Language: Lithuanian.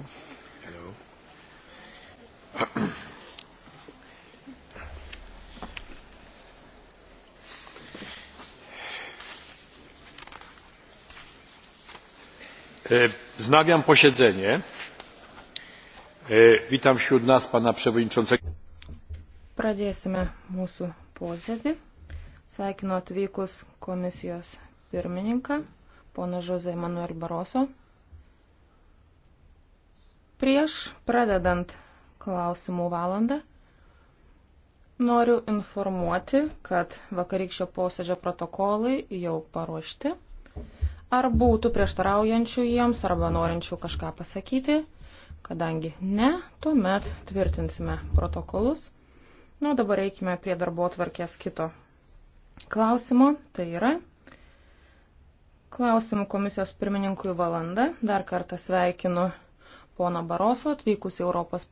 Hello. Hello. E, wznawiam posiedzenie. E, witam wśród nas pana przewodniczącego. Pradėsime mūsų posėdį. Sveikinu atvykus komisijos pirmininką, poną Žozę Manuel Baroso. Prieš pradedant klausimų valandą noriu informuoti, kad vakarykščio posėdžio protokolai jau paruošti. Ar būtų prieštaraujančių jiems arba norinčių kažką pasakyti? Kadangi ne, tuomet tvirtinsime protokolus. Na, nu, dabar eikime prie darbo tvarkės kito klausimo. Tai yra klausimų komisijos pirmininkui valanda. Dar kartą sveikinu poną Baroso atvykus į Europos